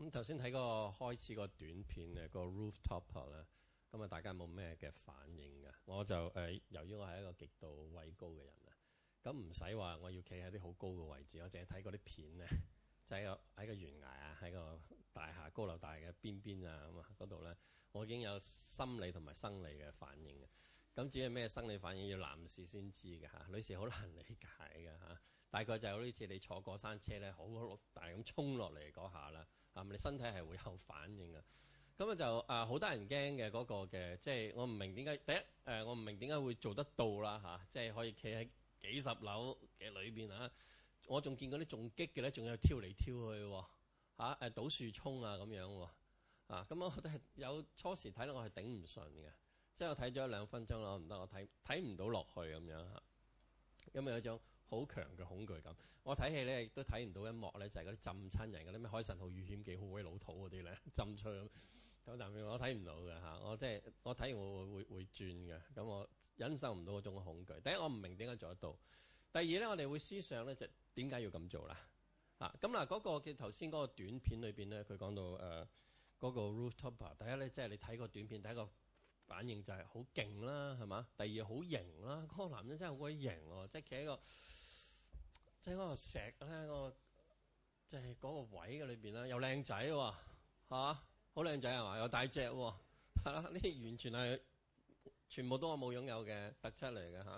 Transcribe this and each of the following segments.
咁頭先睇嗰個開始個短片咧，個 rooftop 咧，咁啊大家冇咩嘅反應噶？我就誒，由於我係一個極度畏高嘅人啊，咁唔使話我要企喺啲好高嘅位置，我淨係睇嗰啲片咧，就係喺個喺個懸崖啊，喺個大廈高樓大嘅邊邊啊，咁啊嗰度咧，我已經有心理同埋生理嘅反應嘅。咁至於咩生理反應，要男士先知㗎吓，女士好難理解㗎吓。大概就係好似你坐過山車咧，好大咁衝落嚟嗰下啦。啊！你身體係會有反應嘅，咁啊很、那個、就啊好多人驚嘅嗰個嘅，即係我唔明點解第一誒、呃，我唔明點解會做得到啦嚇，即、啊、係、就是、可以企喺幾十樓嘅裏邊啊！我仲見過啲仲激嘅咧，仲有跳嚟跳去嚇誒，倒樹衝啊咁樣啊！咁、啊啊啊啊、我覺得係有初時睇落我係頂唔順嘅，即、就、係、是、我睇咗一兩分鐘啦，唔得我睇睇唔到落去咁樣嚇、啊，因為有一種。好強嘅恐懼感。我睇戲咧亦都睇唔到一幕咧，就係嗰啲浸親人嗰啲咩海神號遇險記好鬼老土嗰啲咧，浸出咁。咁但我睇唔到嘅吓，我即係我睇完會會會轉嘅，咁我忍受唔到嗰種恐懼。第一我唔明點解做得到，第二咧我哋會思想咧就點解要咁做啦？嚇咁嗱嗰個叫頭先嗰個短片裏邊咧，佢講到誒嗰個 rooftopper，第一咧即係你睇個短片第一個反應就係好勁啦，係嘛？第二好型啦，嗰個男人真係好鬼型喎，即係企喺個。即係嗰個石咧，嗰個就係、是、嗰個位嘅裏邊啦，又靚仔喎，嚇、啊，好靚仔係嘛，又大隻喎，係啦、啊，呢啲完全係全部都我冇擁有嘅特質嚟嘅吓，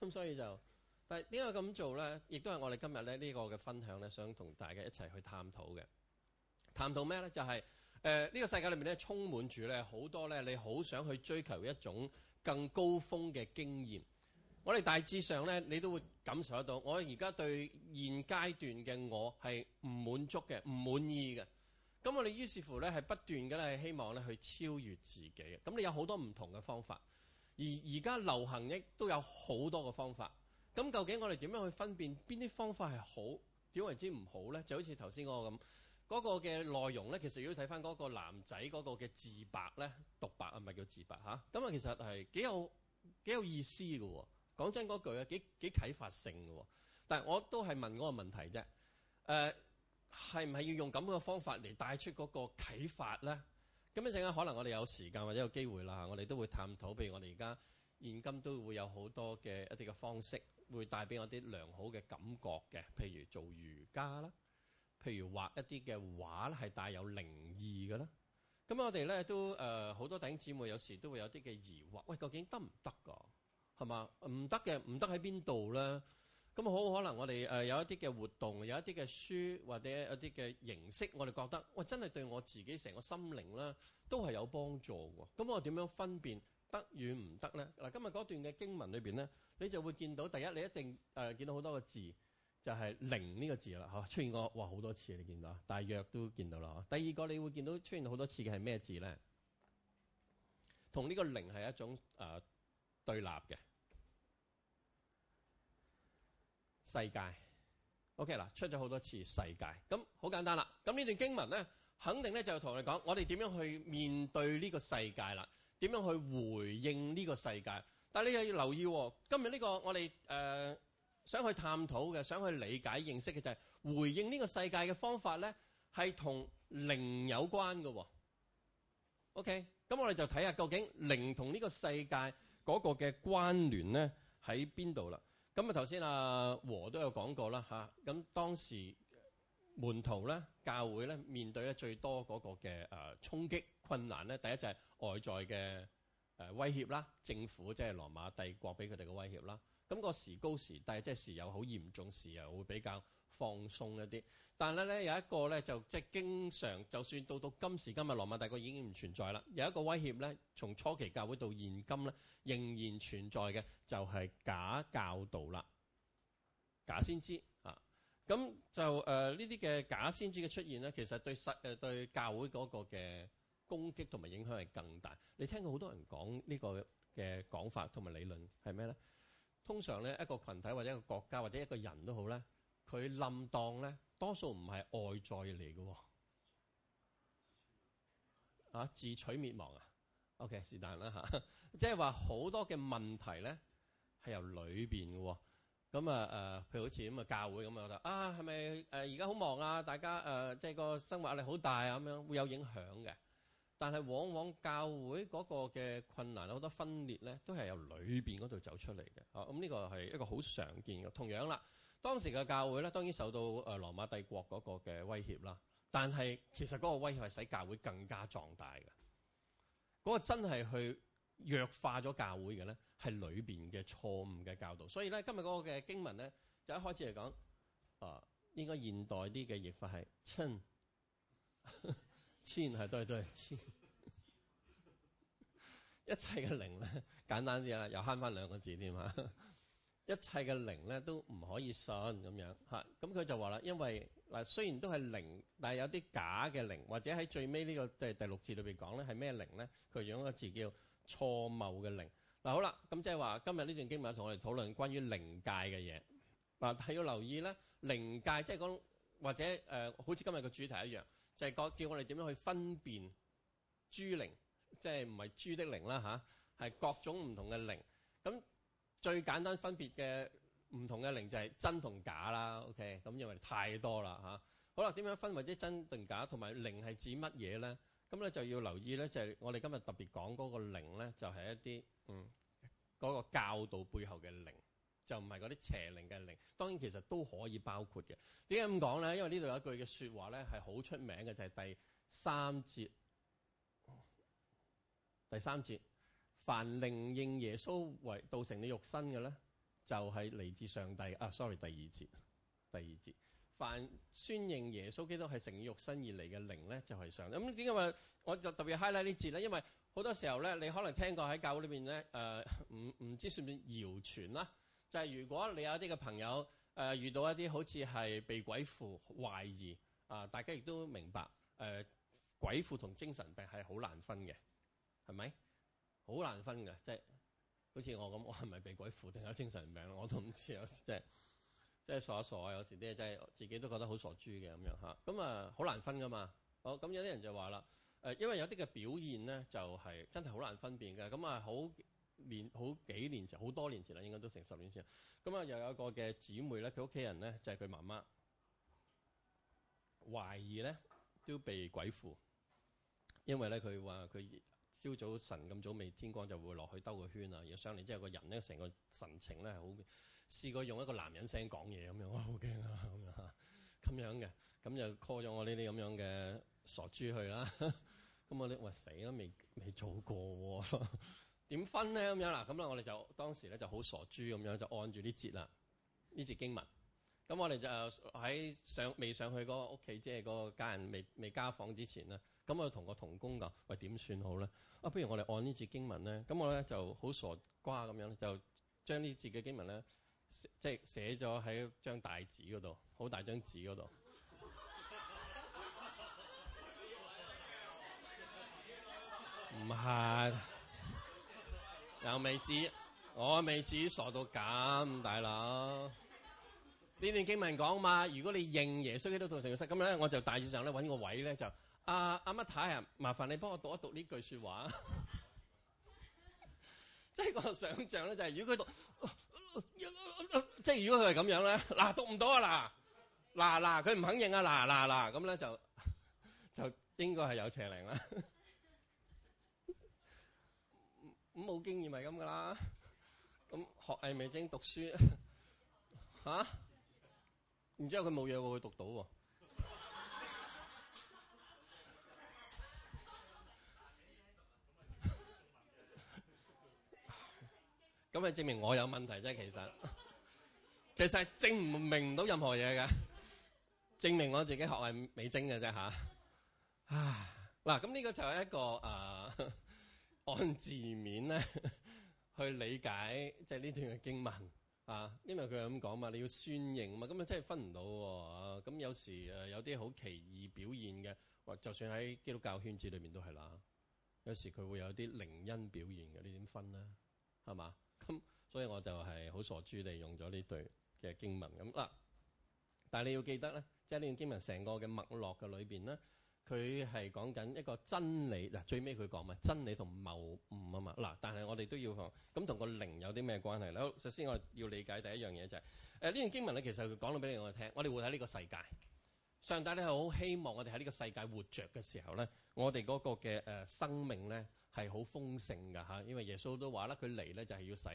咁、啊、所以就，但係點解咁做咧？亦都係我哋今日咧呢、呢個嘅分享咧，想同大家一齊去探討嘅。探討咩咧？就係誒呢個世界裏面咧，充滿住咧好多咧，你好想去追求一種更高峯嘅經驗。我哋大致上咧，你都會感受得到。我而家對現階段嘅我係唔滿足嘅，唔滿意嘅。咁我哋於是乎咧，係不斷嘅咧，係希望咧去超越自己嘅。咁你有好多唔同嘅方法，而而家流行亦都有好多嘅方法。咁究竟我哋點樣去分辨邊啲方法係好，點為之唔好咧？就好似頭先嗰個咁嗰個嘅內容咧，其實如果睇翻嗰個男仔嗰個嘅自白咧，獨白啊，唔係叫自白嚇。咁啊，其實係幾有幾有意思嘅喎。講真嗰句啊，幾幾啟發性嘅喎，但係我都係問嗰個問題啫。誒，係唔係要用咁嘅方法嚟帶出嗰個啟發咧？咁一陣間可能我哋有時間或者有機會啦，我哋都會探討。譬如我哋而家現今都會有好多嘅一啲嘅方式，會帶俾我啲良好嘅感覺嘅。譬如做瑜伽啦，譬如畫一啲嘅畫咧，係帶有靈異嘅啦。咁我哋咧都誒好、呃、多弟兄姊妹有時都會有啲嘅疑惑，喂，究竟得唔得㗎？係嘛？唔得嘅，唔得喺邊度咧？咁好可能我哋誒有一啲嘅活動，有一啲嘅書或者有一啲嘅形式，我哋覺得哇，真係對我自己成個心靈啦，都係有幫助喎。咁我點樣分辨得與唔得咧？嗱，今日嗰段嘅經文裏邊咧，你就會見到第一，你一定誒見到好多個字，就係靈呢個字啦，嚇出現過哇好多次，你見到，大約都見到啦。第二個，你會見到出現好多次嘅係咩字咧？同呢個靈係一種誒。呃對立嘅世界，OK 啦，出咗好多次世界，咁、okay, 好簡單啦。咁呢段經文咧，肯定咧就同我哋講，我哋點樣去面對呢個世界啦？點樣去回應呢個世界？但係你又要留意、哦，今日呢個我哋誒、呃、想去探討嘅，想去理解認識嘅就係、是、回應呢個世界嘅方法咧，係同靈有關嘅、哦。OK，咁我哋就睇下究竟靈同呢個世界。嗰個嘅關聯咧喺邊度啦？咁啊頭先阿和都有講過啦嚇。咁當時門徒咧、教會咧面對咧最多嗰個嘅誒衝擊困難咧，第一就係外在嘅誒威脅啦，政府即係羅馬帝國俾佢哋嘅威脅啦。咁個時高時低，即係時有好嚴重，時又會比較放鬆一啲，但係咧咧有一個咧就即係經常，就算到到今時今日，羅馬帝國已經唔存在啦。有一個威脅咧，從初期教會到現今咧，仍然存在嘅就係假教導啦、假先知啊。咁就誒呢啲嘅假先知嘅出現咧，其實對實誒對教會嗰個嘅攻擊同埋影響係更大。你聽過好多人講呢個嘅講法同埋理論係咩咧？通常咧一個群體或者一個國家或者一個人都好咧。佢冧當咧，多數唔係外在嚟嘅、哦，啊自取滅亡啊。OK， 是但啦吓，即係話好多嘅問題咧，係由裏邊嘅。咁啊誒、呃，譬如好似咁啊教會咁啊，啊係咪誒而家好忙啊？大家誒即係個生活壓力好大啊，咁樣會有影響嘅。但係往往教會嗰個嘅困難好多分裂咧，都係由裏面嗰度走出嚟嘅。啊，咁呢個係一個好常見嘅。同樣啦。當時嘅教會咧，當然受到誒羅馬帝國嗰個嘅威脅啦。但係其實嗰個威脅係使教會更加壯大嘅。嗰個真係去弱化咗教會嘅咧，係裏邊嘅錯誤嘅教導。所以咧，今日嗰個嘅經文咧，就一開始嚟講，啊，應該現代啲嘅譯法係親千」係對，對對，千」，一切嘅靈」咧，簡單啲啦，又慳返兩個字添一切嘅靈咧都唔可以信，咁樣嚇，咁佢就話啦，因為嗱，雖然都係靈，但係有啲假嘅靈，或者喺最尾呢個第第六節裏邊講咧係咩靈咧？佢用一個字叫錯謬嘅靈嗱。好啦，咁即係話今日呢段經文同我哋討論關於靈界嘅嘢嗱，但係要留意咧，靈界即係講或者誒，好似今日嘅主題一樣，就係講叫我哋點樣去分辨諸靈，即係唔係豬的靈啦嚇，係各種唔同嘅靈咁。最簡單分別嘅唔同嘅靈就係真同假啦，OK，咁因為太多啦嚇。好啦，點樣分或者真定假？同埋靈係指乜嘢咧？咁咧就要留意咧，就係我哋今日特別講嗰個靈咧，就係一啲嗯嗰個教導背後嘅靈，就唔係嗰啲邪靈嘅靈。當然其實都可以包括嘅。點解咁講咧？因為呢度有一句嘅說話咧，係好出名嘅，就係第三節，第三節。凡靈認耶穌為道成你肉身嘅咧，就係、是、嚟自上帝。啊，sorry，第二節，第二節。凡宣認耶穌基督係成你肉身而嚟嘅靈咧，就係、是、上帝。咁點解我特別 highlight 呢節咧？因為好多時候咧，你可能聽過喺教會裏面咧，唔、呃、唔知算唔算謠傳啦？就係、是、如果你有啲嘅朋友、呃、遇到一啲好似係被鬼附懷疑啊、呃，大家亦都明白、呃、鬼附同精神病係好難分嘅，係咪？好難分嘅，即係好似我咁，我係咪被鬼附定有精神病？我都唔知，即係即係傻一傻啊！有時啲嘢真係自己都覺得好傻豬嘅咁樣吓。咁啊，好難分噶嘛。咁有啲人就話啦，誒，因為有啲嘅表現咧，就係、是、真係好難分辨嘅。咁啊，好年好幾年前，好多年前啦，應該都成十年前。咁啊，又有一個嘅姊妹咧，佢屋企人咧就係佢媽媽懷疑咧都被鬼附，因為咧佢話佢。朝早晨咁早未天光就會落去兜個圈啊！而上嚟之後個人咧成個神情咧係好試過用一個男人聲講嘢咁樣，哇我好驚啊咁樣咁樣嘅，咁就 call 咗我呢啲咁樣嘅傻豬去啦。咁我哋話死啦，未未做過喎，點、啊、分咧咁樣嗱？咁啦，我哋就當時咧就好傻豬咁樣就按住呢節啦，呢節經文。咁我哋就喺上未上去嗰個屋企，即係嗰個家人未未家訪之前啦。咁我同個同工講，喂點算好咧？啊，不如我哋按呢節經文咧。咁我咧就好傻瓜咁樣，就將呢節嘅經文咧，即係寫咗喺張大紙嗰度，好大張紙嗰度。唔係，又未至於，我未至於傻到咁，大佬。呢 段經文講嘛，如果你認耶穌基督道成肉身，咁樣咧，我就大致上咧搵個位咧就。阿阿乜太啊，太太麻煩你幫我讀一讀呢句說話， 即係個想象咧，就係如果佢讀，即係如果佢係咁樣咧，嗱，讀唔到啊，嗱嗱嗱，佢唔肯認啊，嗱嗱嗱，咁咧就就應該係有邪靈啦，咁 冇經驗咪咁噶啦，咁學藝未精 讀書，吓、 啊，然之後佢冇嘢喎，佢讀到喎。咁咪證明我有問題啫，其實其實係證唔明唔到任何嘢㗎，證明我自己學係未精嘅啫吓，啊嗱，咁呢個就係一個誒、啊，按字面咧去理解即係呢段嘅經文啊，因為佢係咁講嘛，你要宣認嘛，咁咪真係分唔到喎。咁有時誒有啲好奇異表現嘅，或就算喺基督教圈子裏面都係啦，有時佢會有啲靈恩表現嘅，你點分呢？係嘛？咁 所以我就係好傻豬地用咗呢對嘅經文咁啦。但係你要記得咧，即係呢段經文成個嘅脈絡嘅裏邊咧，佢係講緊一個真理。嗱，最尾佢講咪真理同謬誤啊嘛。嗱，但係我哋都要咁同個靈有啲咩關係咧？首先我要理解第一樣嘢就係誒呢段經文咧，其實佢講到俾你我哋聽，我哋活喺呢個世界，上帝咧係好希望我哋喺呢個世界活著嘅時候咧，我哋嗰個嘅誒生命咧。係好豐盛噶嚇，因為耶穌都話啦，佢嚟咧就係要使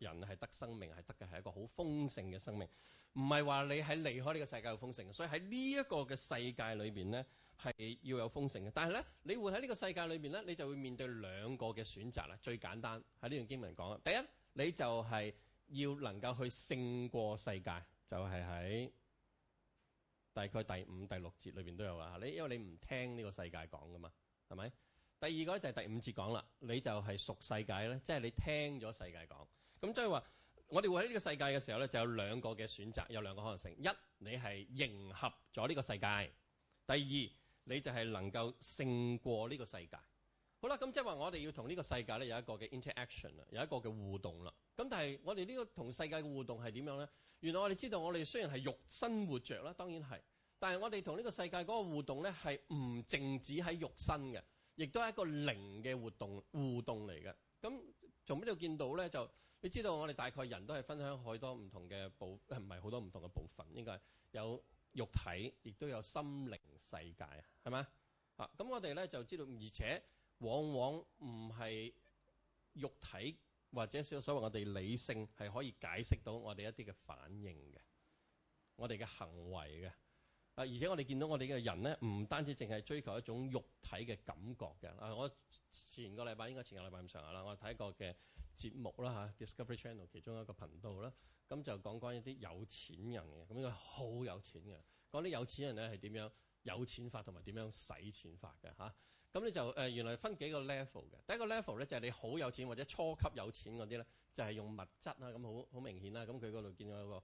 人係得生命，係得嘅係一個好豐盛嘅生命，唔係話你喺離開呢個世界有豐盛。所以喺呢一個嘅世界裏邊咧，係要有豐盛嘅。但係咧，你活喺呢個世界裏邊咧，你就會面對兩個嘅選擇啦。最簡單喺呢段經文講，第一你就係要能夠去勝過世界，就係喺大概第五、第六節裏邊都有啊。你因為你唔聽呢個世界講噶嘛，係咪？第二個咧就係第五節講啦，你就係屬世界咧，即係你聽咗世界講咁，所以話我哋活喺呢個世界嘅時候咧，就有兩個嘅選擇，有兩個可能性。一你係迎合咗呢個世界，第二你就係能夠勝過呢個世界。好啦，咁即係話我哋要同呢個世界咧有一個嘅 interaction 啊，有一個嘅互動啦。咁但係我哋呢個同世界嘅互動係點樣咧？原來我哋知道，我哋雖然係肉身活着啦，當然係，但係我哋同呢個世界嗰個互動咧係唔淨止喺肉身嘅。亦都係一個靈嘅活動互動嚟嘅。咁從邊度見到咧？就你知道我哋大概人都係分享好多唔同嘅部，唔係好多唔同嘅部分。應該有肉體，亦都有心靈世界，係咪？啊！咁、嗯、我哋咧就知道，而且往往唔係肉體或者所謂我哋理性係可以解釋到我哋一啲嘅反應嘅，我哋嘅行為嘅。啊！而且我哋見到我哋嘅人咧，唔單止淨係追求一種肉體嘅感覺嘅。啊！我前個禮拜應該前個禮拜咁上下啦，我睇過嘅節目啦嚇、啊、Discovery Channel 其中一個頻道啦，咁就講講一啲有錢人嘅，咁應該好有錢嘅，講啲有錢人咧係點樣有錢法同埋點樣使錢法嘅嚇。咁、啊、你就誒、呃、原來分幾個 level 嘅，第一個 level 咧就係你好有錢或者初級有錢嗰啲咧，就係用物質啦，咁好好明顯啦。咁佢嗰度見到一個，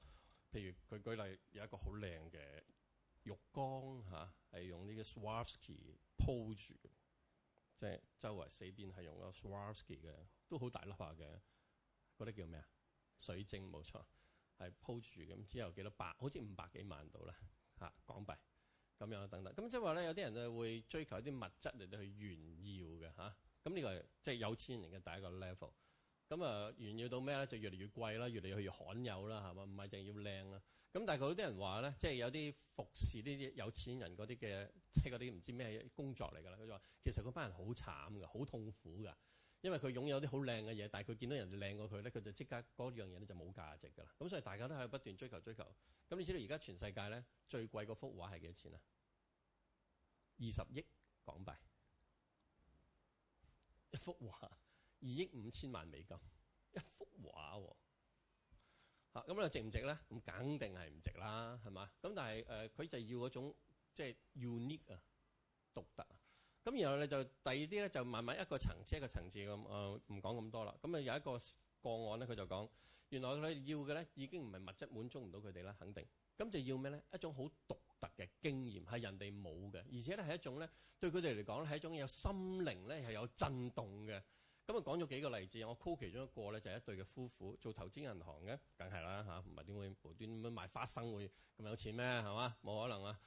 譬如佢舉例有一個好靚嘅。浴缸嚇係、啊、用呢個 Swarovski 鋪住，即係周圍四邊係用個 Swarovski 嘅，都好大粒下嘅，嗰、那、啲、個、叫咩啊？水晶冇錯，係鋪住咁，之後幾多百，好似五百幾萬度啦嚇，港幣，咁樣等等，咁即係話咧，有啲人咧會追求一啲物質嚟到去炫耀嘅嚇，咁、啊、呢個即係有錢人嘅第一個 level。咁啊，炫耀到咩咧？就越嚟越貴啦，越嚟越罕有啦，係嘛？唔係淨係要靚啦。咁但係佢有啲人話咧，即係有啲服侍呢啲有錢人嗰啲嘅，即係嗰啲唔知咩工作嚟㗎啦。佢就話其實嗰班人好慘㗎，好痛苦㗎，因為佢擁有啲好靚嘅嘢，但係佢見到人靚過佢咧，佢就即刻嗰樣嘢咧就冇價值㗎啦。咁所以大家都喺度不斷追求追求。咁你知道而家全世界咧最貴嗰幅畫係幾多錢啊？二十億港幣一幅畫。二億五千萬美金一幅畫喎，嚇！咁啊，值唔值咧？咁肯定係唔值啦，係嘛？咁但係佢、呃、就要嗰種即係 unique 啊，獨特啊。咁然後咧就第二啲咧就慢慢一個層次一個層次咁，唔講咁多啦。咁啊有一個個案咧，佢就講原來佢要嘅咧已經唔係物質，滿足唔到佢哋啦，肯定咁就要咩咧？一種好獨特嘅經驗係人哋冇嘅，而且咧係一種咧對佢哋嚟講係一種有心靈咧係有震動嘅。咁啊講咗幾個例子，我 call 其中一個咧就係一對嘅夫婦，做投資銀行嘅，梗係啦吓，唔係點會無端咁樣賣花生會咁有錢咩？係嘛，冇可能啊！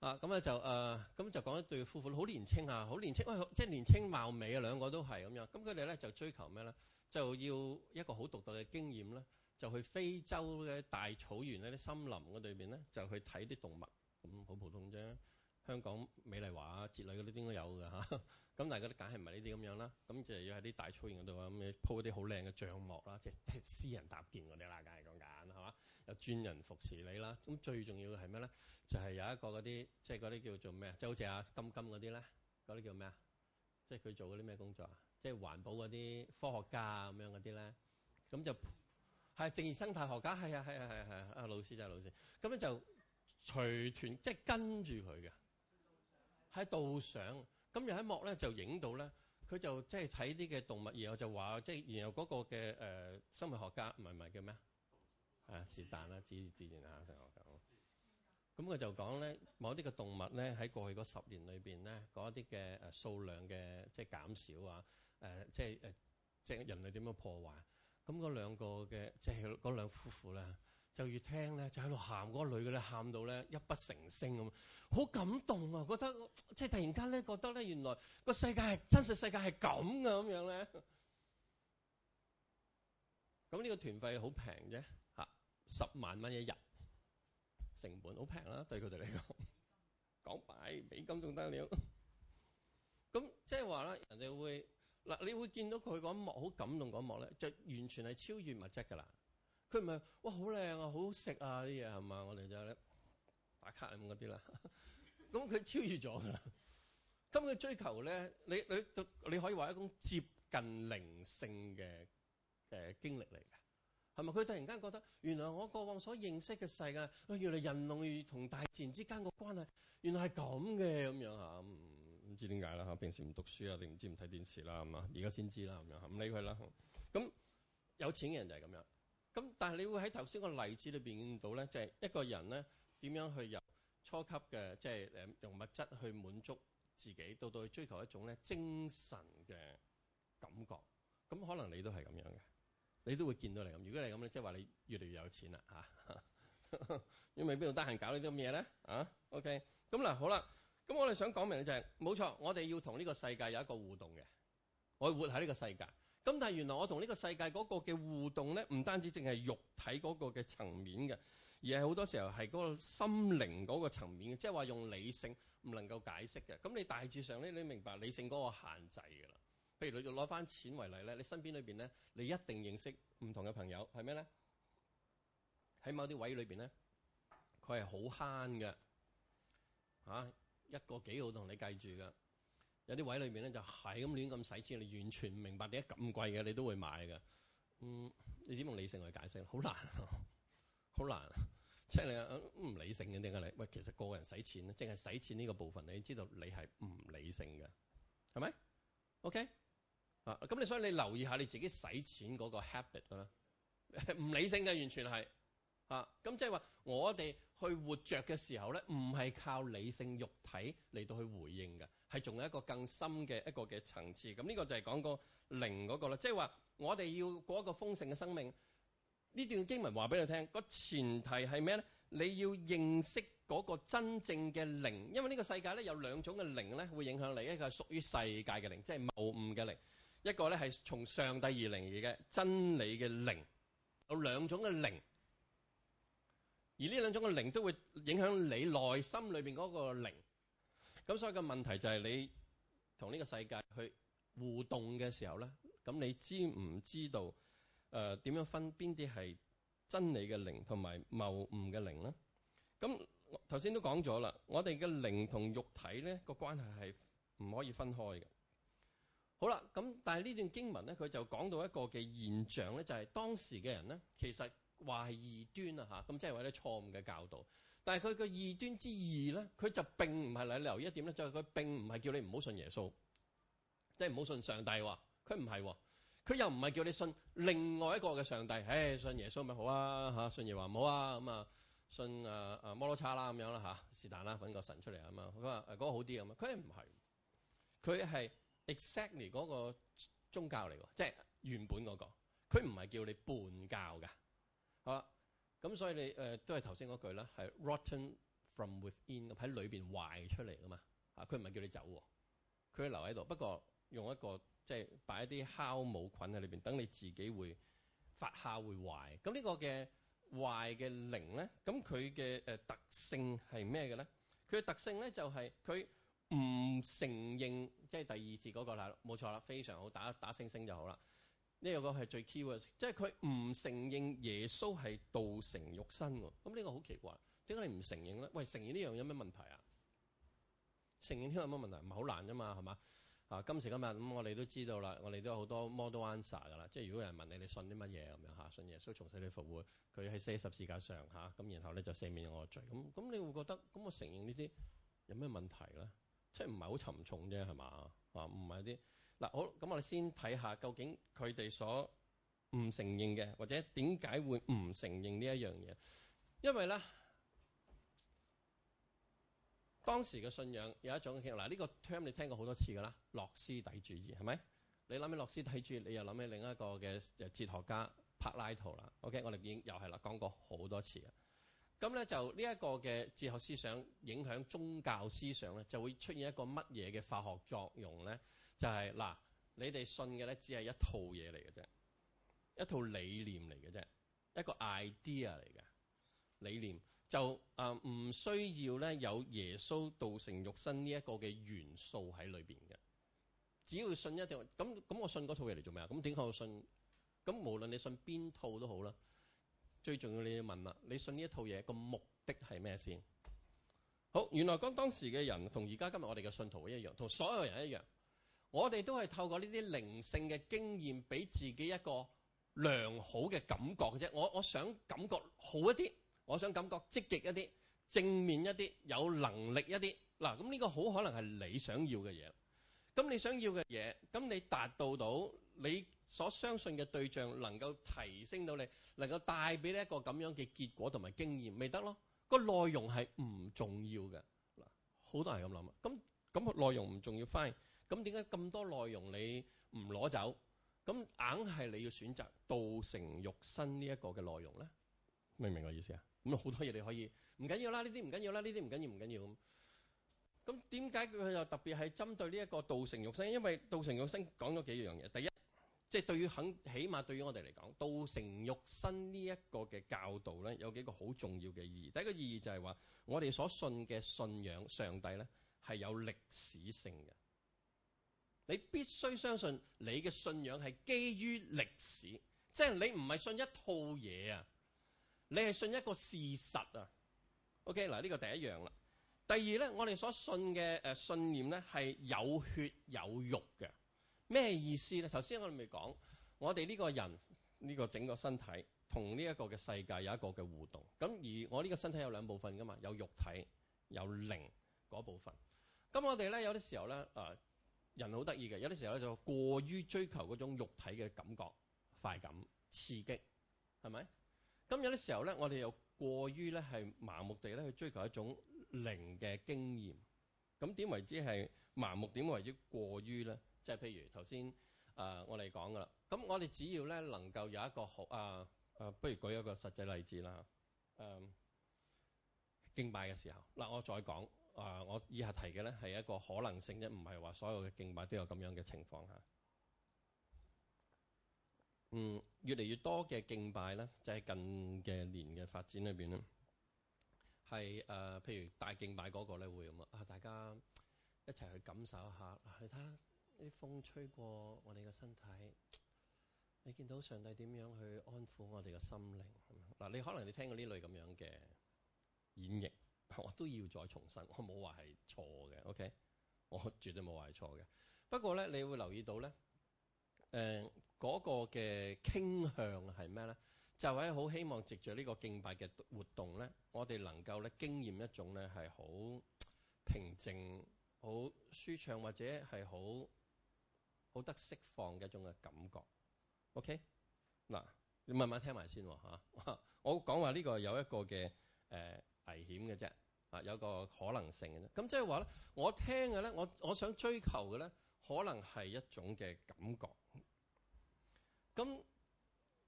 啊咁、啊、就咁、啊啊、就講一對夫婦，好年青啊，好年青，即、啊、係、就是、年青貌美啊，兩個都係咁樣。咁佢哋咧就追求咩咧？就要一個好獨特嘅經驗咧，就去非洲嘅大草原嗰啲森林嗰裏面咧，就去睇啲動物，咁、嗯、好普通啫、啊。香港美麗華啊、節旅嗰啲應該有嘅嚇，咁但係梗係唔係呢啲咁樣啦？咁就係要喺啲大草原嗰度啊，咁鋪啲好靚嘅帳幕啦，即係私人搭建嗰啲啦，梗係講緊係嘛？有專人服侍你啦。咁最重要嘅係咩咧？就係有一個嗰啲，即係嗰啲叫做咩啊？即係好似阿金金嗰啲咧，嗰啲叫咩啊？即係佢做嗰啲咩工作啊？即係環保嗰啲科學家啊咁樣嗰啲咧，咁就係自然生態學家，係啊係啊係啊係啊，阿老師就係老師，咁樣就隨團即係跟住佢嘅。喺道上，今日喺幕咧就影到咧，佢就即係睇啲嘅動物，然後就話即係，然後嗰個嘅誒、呃、生物學家，唔係唔係叫咩？係是但啦，自旦自然下生物學家，咁佢就講咧，某啲嘅動物咧喺過去嗰十年裏邊咧，嗰啲嘅誒數量嘅即係減少啊，誒、呃、即係誒、呃、即係人類點樣破壞。咁嗰兩個嘅即係嗰兩夫婦咧。就越聽咧，就喺度喊，嗰、那個女嘅咧，喊到咧泣不成聲咁，好感動啊！覺得即係突然間咧，覺得咧原來個世界係真實世界係咁嘅咁樣咧。咁呢個團費好平啫，吓、啊，十萬蚊一日，成本好平啦，對佢哋嚟講，港幣、美金仲得了。咁即係話咧，人哋會嗱，你會見到佢嗰幕好感動嗰幕咧，就完全係超越物質㗎啦。佢唔係哇，好靚啊，好好食啊啲嘢係嘛？我哋就打卡咁嗰啲啦。咁佢超越咗噶啦。咁佢追求咧，你你你可以話一種接近靈性嘅誒、呃、經歷嚟嘅，係咪？佢突然間覺得，原來我過往所認識嘅世界、呃，原來人類與同大自然之間個關係，原來係咁嘅咁樣嚇。唔、嗯、知點解啦嚇，平時唔讀書啊，定唔知唔睇電視啦，係、啊、嘛？而家先知啦咁樣嚇，唔、啊、理佢啦。咁、啊、有錢嘅人就係咁樣。咁但係你會喺頭先個例子裏邊見到咧，就係一個人咧點樣去由初級嘅即係誒用物質去滿足自己，到到去追求一種咧精神嘅感覺。咁可能你都係咁樣嘅，你都會見到你咁。如果你咁咧，即係話你越嚟越有錢啦嚇，你未必會得閒搞呢啲咁嘢咧啊。OK，咁嗱好啦，咁我哋想講明嘅就係冇錯，我哋要同呢個世界有一個互動嘅，我要活喺呢個世界。但係原來我同呢個世界嗰個嘅互動呢，唔單止淨係肉體嗰個嘅層面嘅，而係好多時候係嗰個心靈嗰個層面嘅，即係話用理性唔能夠解釋嘅。咁你大致上，你明白理性嗰個限制嘅啦。譬如你攞返錢為例，你身邊裏面，你一定認識唔同嘅朋友，係咩呢？喺某啲位置裏面呢，佢係好慳嘅，一個幾號同你記住㗎。有啲位裏面咧就係咁亂咁使錢，你完全唔明白點解咁貴嘅你都會買嘅。嗯，你點用理性去解釋，好難、啊，好難、啊。即、就、係、是、你唔理性嘅定係你？喂，其實個人使錢咧，淨係使錢呢個部分，你知道你係唔理性嘅，係咪？OK，啊，咁你所以你留意下你自己使錢嗰個 habit 啦、啊，唔理性嘅，完全係啊。咁即係話我哋，去活着嘅時候呢，唔係靠理性肉體嚟到去回應嘅，係仲有一個更深嘅一個嘅層次。咁呢個就係講個靈嗰個啦，即係話我哋要過一個豐盛嘅生命。呢段經文話俾你聽，個前提係咩呢？你要認識嗰個真正嘅靈，因為呢個世界咧有兩種嘅靈呢，會影響你，一個係屬於世界嘅靈，即係謬誤嘅靈；一個咧係從上帝而嚟而嘅真理嘅靈，有兩種嘅靈。而呢兩種嘅靈都會影響你內心裏邊嗰個靈，咁所以嘅問題就係你同呢個世界去互動嘅時候咧，咁你知唔知道誒點樣分邊啲係真理嘅靈同埋謬誤嘅靈咧？咁頭先都講咗啦，我哋嘅靈同肉體咧個關係係唔可以分開嘅。好啦，咁但係呢段經文咧，佢就講到一個嘅現象咧，就係當時嘅人咧，其實。話係異端啊！吓，咁即係話啲錯誤嘅教導。但係佢個異端之異咧，佢就並唔係嚟留一點咧。再佢並唔係叫你唔好信耶穌，即係唔好信上帝喎。佢唔係，佢又唔係叫你信另外一個嘅上帝。唉，信耶穌咪好啊吓，信耶華咪好啊咁啊，信摩羅差啦咁樣啦吓，是但啦揾個神出嚟啊嘛。佢話嗰個好啲咁啊，佢唔係，佢係 exactly 嗰個宗教嚟嘅，即係原本嗰個。佢唔係叫你叛教㗎。.好啦，咁所以你誒、呃、都係頭先嗰句啦，係 rotten from within 喺裏邊壞出嚟㗎嘛。啊，佢唔係叫你走喎，啊，佢係留喺度。不過用一個即係擺一啲酵母菌喺裏邊，等你自己會發酵會壞。咁呢個嘅壞嘅靈咧，咁佢嘅誒特性係咩嘅咧？佢嘅特性咧就係佢唔承認，即、就、係、是、第二節嗰、那個啦，冇錯啦，非常好，打打星星就好啦。呢個係最 key 嘅，即係佢唔承認耶穌係道成肉身喎，咁呢個好奇怪，點解你唔承認咧？喂，承認呢樣有咩問題啊？承認呢個有咩問題？唔係好難啫嘛，係嘛？啊，今時今日咁、嗯，我哋都知道啦，我哋都有好多 model answer 噶啦，即係如果有人問你，你信啲乜嘢咁樣嚇？信耶穌從死裏復活，佢喺四十世界上嚇，咁、啊、然後咧就赦免我罪，咁咁你會覺得咁我承認呢啲有咩問題咧？即係唔係好沉重啫係嘛？啊，唔係啲。嗱，好，咁我哋先睇下究竟佢哋所唔承認嘅，或者點解會唔承認呢一樣嘢？因為咧，當時嘅信仰有一種，嗱，呢個 term 你聽過好多次噶啦，諾斯底主義係咪？你諗起諾斯底主義，你又諗起另一個嘅哲學家柏拉圖啦。OK，我哋已經又係啦，講過好多次啊。咁咧就呢一個嘅哲學思想影響宗教思想咧，就會出現一個乜嘢嘅化學作用咧？就係、是、嗱，你哋信嘅咧，只係一套嘢嚟嘅啫，一套理念嚟嘅啫，一個 idea 嚟嘅理念，就誒唔需要咧有耶穌道成肉身呢一個嘅元素喺裏邊嘅，只要信一定，咁咁，我信嗰套嘢嚟做咩啊？咁點解我信咁？無論你信邊套都好啦，最重要你要問啦，你信呢一套嘢個目的係咩先？好，原來當當時嘅人同而家今日我哋嘅信徒一樣，同所有人一樣。我哋都係透過呢啲靈性嘅經驗，俾自己一個良好嘅感覺嘅啫。我我想感覺好一啲，我想感覺積極一啲、正面一啲、有能力一啲嗱。咁呢個好可能係你想要嘅嘢。咁你想要嘅嘢，咁你達到到你所相信嘅對象，能夠提升到你，能夠帶俾你一個咁樣嘅結果同埋經驗，咪得咯？個內容係唔重要嘅嗱，好多人咁諗啊。咁咁個內容唔重要，反而～咁點解咁多內容你唔攞走？咁硬係你要選擇道成肉身呢一個嘅內容咧？明唔明我意思啊？咁好多嘢你可以唔緊要啦，呢啲唔緊要啦，呢啲唔緊要唔緊要咁。咁點解佢又特別係針對呢一個道成肉身？因為道成肉身講咗幾樣嘢。第一，即係對於肯起碼對於我哋嚟講，道成肉身呢一個嘅教導咧，有幾個好重要嘅意義。第一個意義就係話，我哋所信嘅信仰上帝咧係有歷史性嘅。你必須相信你嘅信仰係基於歷史，即係你唔係信一套嘢啊，你係信一個事實啊。OK 嗱，呢個第一樣啦。第二咧，我哋所信嘅誒信念咧係有血有肉嘅。咩意思咧？頭先我哋咪講，我哋呢個人呢個整個身體同呢一個嘅世界有一個嘅互動咁，而我呢個身體有兩部分噶嘛，有肉體有靈嗰部分。咁我哋咧有啲時候咧誒。呃人好得意嘅，有啲時候咧就過於追求嗰種肉體嘅感覺、快感、刺激，係咪？咁有啲時候咧，我哋又過於咧係盲目地咧去追求一種靈嘅經驗。咁點為之係盲目？點為之過於咧？即係譬如頭先誒我哋講噶啦。咁我哋只要咧能夠有一個好啊啊，不如舉一個實際例子啦。誒敬拜嘅時候，嗱我再講。啊！我以下提嘅咧係一個可能性啫，唔係話所有嘅敬拜都有咁樣嘅情況嚇。嗯，越嚟越多嘅敬拜咧，就係、是、近嘅年嘅發展裏邊咧，係誒、呃，譬如大敬拜嗰個咧會咁啊！大家一齊去感受一下，啊、你睇下啲風吹過我哋嘅身體，你見到上帝點樣去安撫我哋嘅心靈嗱、啊？你可能你聽過呢類咁樣嘅演繹。我都要再重申，我冇話係錯嘅，OK？我絕對冇話係錯嘅。不過咧，你會留意到咧，誒，嗰個嘅傾向係咩咧？就係好希望藉着呢個敬拜嘅活動咧，我哋能夠咧經驗一種咧係好平靜、好舒暢或者係好好得釋放嘅一種嘅感覺。OK？嗱，你慢慢聽埋先吓。我講話呢個有一個嘅誒危險嘅啫。啊，有個可能性嘅。咁即係話咧，我聽嘅咧，我我想追求嘅咧，可能係一種嘅感覺。咁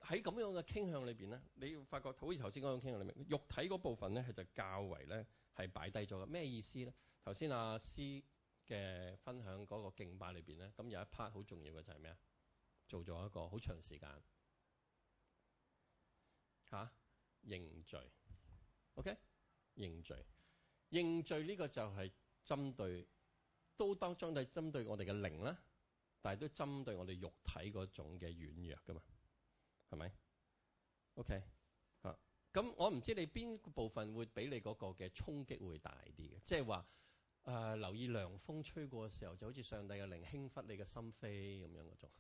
喺咁樣嘅傾向裏面咧，你發覺好似頭先嗰種傾向裏面，肉體嗰部分咧係就較為咧係擺低咗嘅。咩意思咧？頭先阿師嘅分享嗰個敬拜裏面咧，咁有一 part 好重要嘅就係咩啊？做咗一個好長時間吓認罪，OK？認罪。認罪呢個就係針對，都當中係針對我哋嘅靈啦，但係都針對我哋肉體種嘅軟弱噶嘛，係咪？OK 吓、啊，咁我唔知你邊部分會俾你嗰個嘅衝擊會大啲嘅，即係話誒，留意涼風吹過嘅時候，就好似上帝嘅靈輕拂你嘅心扉咁樣種，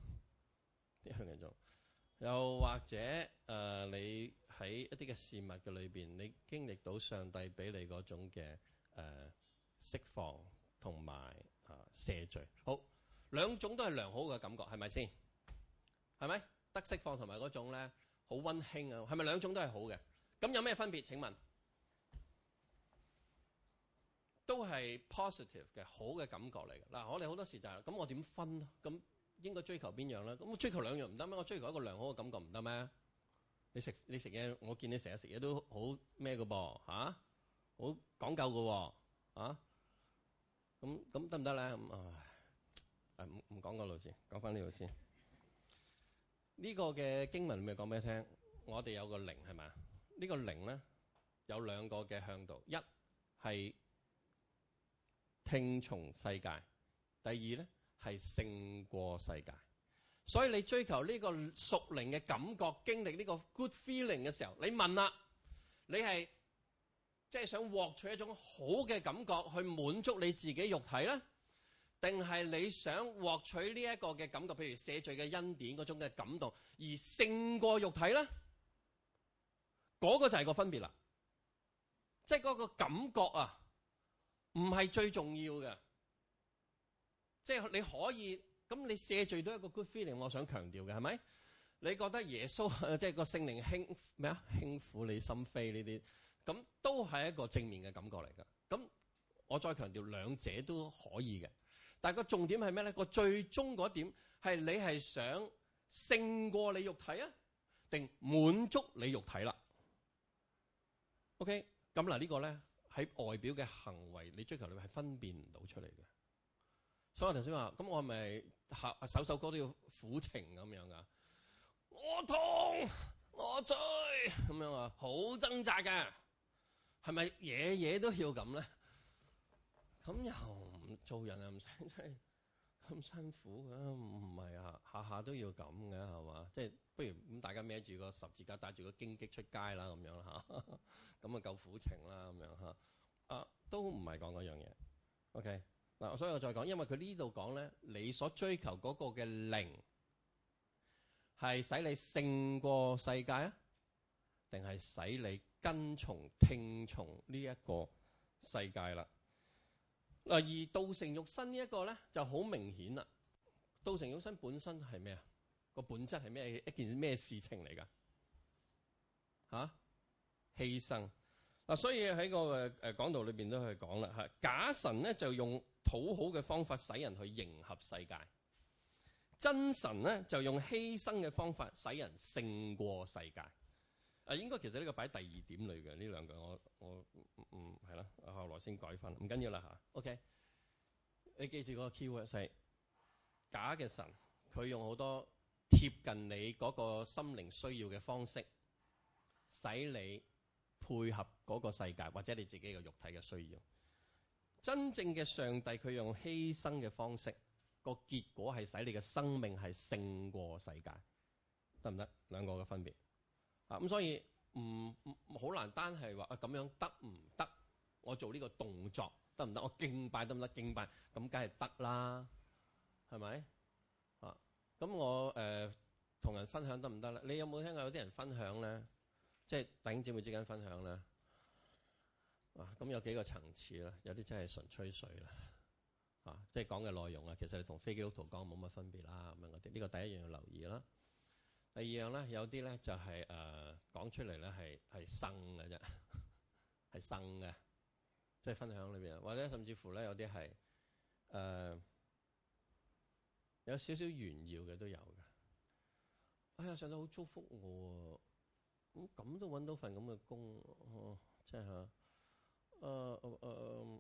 啲向人做。又或者誒、呃，你喺一啲嘅事物嘅裏邊，你經歷到上帝俾你嗰種嘅誒、呃、釋放同埋啊赦罪，好兩種都係良好嘅感覺，係咪先？係咪得釋放同埋嗰種咧好溫馨啊？係咪兩種都係好嘅？咁有咩分別？請問都係 positive 嘅好嘅感覺嚟嘅嗱，我哋好多時就係、是、咁，那我點分咯？咁應該追求邊樣咧？咁我追求兩樣唔得咩？我追求一個良好嘅感覺唔得咩？你食你食嘢，我見你成日食嘢都好咩嘅噃嚇，好講究嘅喎啊！咁咁得唔得咧？咁啊，唔唔講個老師，講翻呢度先。呢個嘅經文咪講俾你聽，我哋有個零係咪？呢個零咧有兩個嘅向度，一係聽從世界，第二咧。係勝過世界，所以你追求呢個屬靈嘅感覺、經歷呢個 good feeling 嘅時候，你問啦，你係即係想獲取一種好嘅感覺去滿足你自己肉體咧，定係你想獲取呢一個嘅感覺，譬如赦罪嘅恩典嗰種嘅感動，而勝過肉體咧，嗰個就係個分別啦。即係嗰個感覺啊，唔係最重要嘅。即係你可以咁，你卸罪到一個 good feeling，我想強調嘅係咪？你覺得耶穌即係個聖靈輕咩啊？輕撫你心扉呢啲，咁都係一個正面嘅感覺嚟㗎。咁我再強調兩者都可以嘅，但係個重點係咩咧？個最終嗰一點係你係想勝過你肉體啊，定滿足你肉體啦？OK，咁嗱呢個咧，喺外表嘅行為，你追求裏面係分辨唔到出嚟嘅。所以我頭先話，咁我係咪下首首歌都要苦情咁樣噶？我痛我醉，咁樣啊，好掙扎嘅，係咪嘢嘢都要咁咧？咁又唔做人又唔使真係咁辛苦嘅，唔係啊，下下都要咁嘅係嘛？即係不如咁大家孭住個十字架，帶住個荊棘出街啦咁樣嚇，咁啊夠苦情啦咁樣嚇，啊都唔係講嗰樣嘢，OK。嗱、啊，所以我再講，因為佢呢度講咧，你所追求嗰個嘅靈，係使你勝過世界啊，定係使你跟從聽從呢一個世界啦。嗱、啊，而道成肉身這呢一個咧就好明顯啦。道成肉身本身係咩啊？個本質係咩？一件咩事情嚟噶？吓、啊，犧牲。嗱，所以喺個誒誒講道裏邊都係講啦吓，假神咧就用。討好嘅方法使人去迎合世界，真神呢就用犧牲嘅方法使人勝過世界。啊，應該其實呢個擺第二點嚟嘅，呢兩句我，我我嗯嗯係啦，後來先改翻，唔緊要啦吓。OK，你記住嗰個 keyword 係假嘅神，佢用好多貼近你嗰個心靈需要嘅方式，使你配合嗰個世界或者你自己嘅肉體嘅需要。真正嘅上帝，佢用犧牲嘅方式，個結果係使你嘅生命係勝過世界，得唔得？兩個嘅分別啊，咁所以唔好難單係話啊咁樣得唔得？我做呢個動作得唔得？我敬拜得唔得？敬拜咁梗係得啦，係咪啊？咁我誒同、呃、人分享得唔得咧？你有冇聽過有啲人分享咧？即係弟兄姐妹之間分享咧？咁、啊、有幾個層次啦，有啲真係純吹水啦，啊，即係講嘅內容啊，其實你同非基督徒講冇乜分別啦，咁樣嗰啲，呢個第一樣要留意啦。第二樣咧，有啲咧就係誒講出嚟咧係係生嘅啫，係生嘅，即、就、係、是、分享裏邊，或者甚至乎咧有啲係誒有少少炫耀嘅都有嘅。哎呀，上帝好祝福我喎、啊，咁都揾到份咁嘅工，即係嚇。就是誒誒誒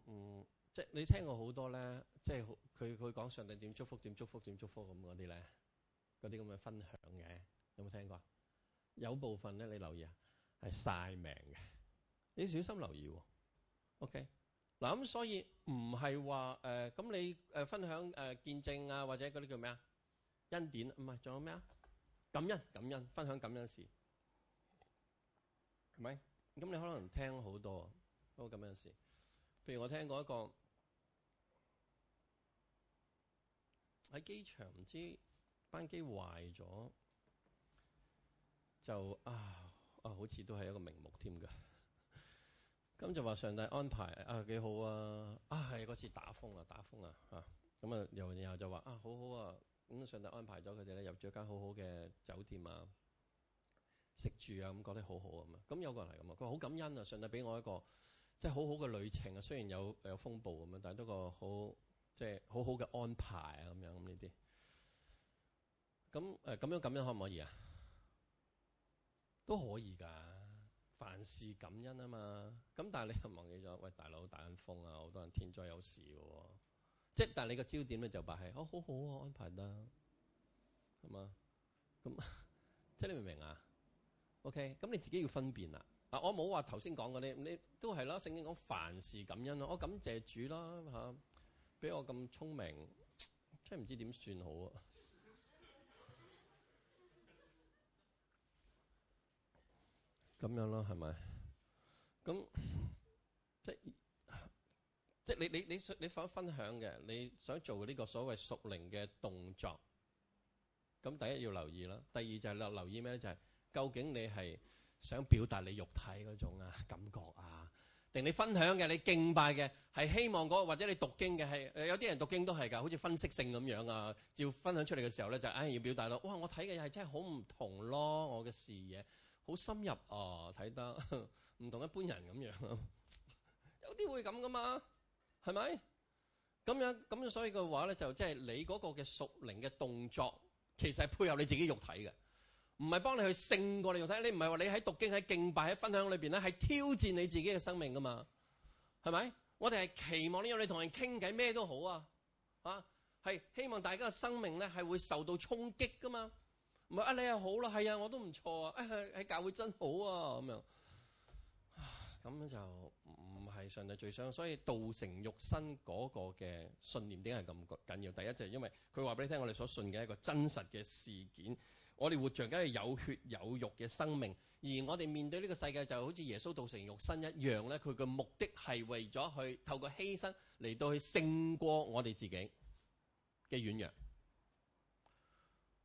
嗯，即係你聽過好多咧，即係佢佢講上帝點祝福點祝福點祝福咁嗰啲咧，嗰啲咁嘅分享嘅，有冇聽過？有部分咧，你留意啊，係晒命嘅，你小心留意喎、哦。OK，嗱、啊、咁所以唔係話誒咁你誒分享誒、呃、見證啊，或者嗰啲叫咩啊？恩典唔係，仲有咩啊？感恩感恩，分享感恩事，係咪？咁你可能聽好多。好咁樣事，譬如我聽過一個喺機場唔知班機壞咗，就啊啊好似都係一個名目添噶，咁 就話上帝安排啊幾好啊啊，係嗰次打風啊打風啊吓，咁啊又然後就話啊好好啊，咁上帝安排咗佢哋咧入住一間好好嘅酒店啊，食住啊咁覺得好好咁啊，咁有個人嚟，咁啊，佢好感恩啊，上帝俾我一個。即係好好嘅旅程啊，雖然有有風暴咁樣，但係都個好即係好好嘅安排啊咁樣咁呢啲。咁誒咁樣感恩可唔可以啊？都可以㗎，凡事感恩啊嘛。咁但係你又忘記咗，喂大佬大人風啊，好多人天災有事㗎、啊、喎。即係但係你個焦點咧就擺喺哦好好啊安排得、啊，係嘛？咁即係你明唔明啊？OK，咁你自己要分辨啦。啊、我冇話頭先講嗰啲，你都係啦。聖經講凡事感恩咯，我感謝主啦吓，俾、啊、我咁聰明，真係唔知點算好啊！咁 樣咯，係咪？咁即即你你你你想分享嘅，你想做呢個所謂屬靈嘅動作，咁第一要留意啦，第二就係、是、留留意咩咧？就係、是、究竟你係。想表達你肉體嗰種啊感覺啊，定你分享嘅，你敬拜嘅，係希望嗰或者你讀經嘅係有啲人讀經都係㗎，好似分析性咁樣啊，照分享出嚟嘅時候咧就唉、是哎、要表達咯，哇我睇嘅嘢真係好唔同咯，我嘅視野好深入啊，睇、哦、得唔 同一般人咁樣，、啊、樣，樣，有啲會咁噶嘛，係咪？咁樣咁所以嘅話咧就即、是、係你嗰個嘅屬靈嘅動作，其實係配合你自己肉體嘅。唔係幫你去勝過你用睇，你唔係話你喺讀經喺敬拜喺分享裏邊咧，係挑戰你自己嘅生命噶嘛？係咪？我哋係期望呢樣，你同人傾偈咩都好啊，啊，係希望大家嘅生命咧係會受到衝擊噶嘛？唔係啊，你又好啦，係啊，我都唔錯啊，喺教會真好啊咁樣。咁就唔係上帝最想，所以道成肉身嗰個嘅信念點解係咁緊要？第一就係因為佢話俾你聽，我哋所信嘅一個真實嘅事件。我哋活着梗係有血有肉嘅生命，而我哋面對呢個世界就好似耶穌道成肉身一樣咧，佢嘅目的係為咗去透過犧牲嚟到去勝過我哋自己嘅軟弱，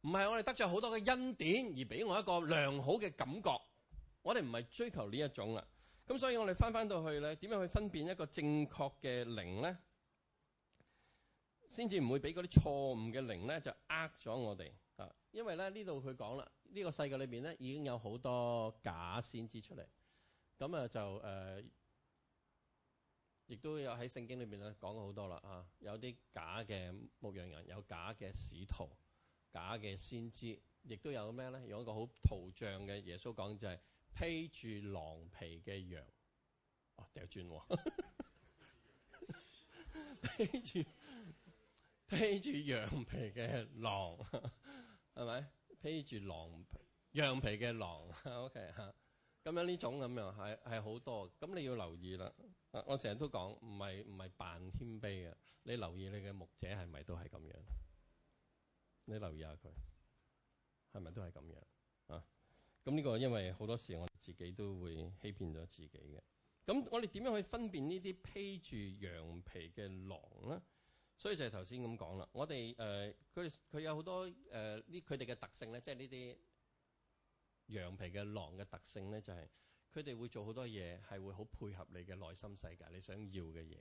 唔係我哋得咗好多嘅恩典而俾我一個良好嘅感覺，我哋唔係追求呢一種啦。咁所以我哋翻翻到去咧，點樣去分辨一個正確嘅靈咧，先至唔會俾嗰啲錯誤嘅靈咧就呃咗我哋。因為咧呢度佢講啦，呢、這個世界裏面咧已經有好多假先知出嚟，咁啊就誒，亦、呃、都有喺聖經裏面咧講過好多啦啊，有啲假嘅牧羊人，有假嘅使徒，假嘅先知，亦都有咩咧？有一個好圖像嘅耶穌講就係、是、披住狼皮嘅羊，啊、哦掉轉喎， 披住披住羊皮嘅狼。係咪披住狼羊皮嘅狼？OK 嚇、啊，咁樣呢種咁樣係係好多，咁你要留意啦。我成日都講，唔係唔係扮謙卑嘅，你留意你嘅牧者係咪都係咁樣？你留意下佢，係咪都係咁樣啊？咁呢個因為好多時我自己都會欺騙咗自己嘅。咁我哋點樣去分辨呢啲披住羊皮嘅狼咧？所以就係頭先咁講啦，我哋誒佢佢有好多誒呢，佢哋嘅特性咧，即係呢啲羊皮嘅狼嘅特性咧，就係佢哋會做好多嘢，係會好配合你嘅內心世界，你想要嘅嘢。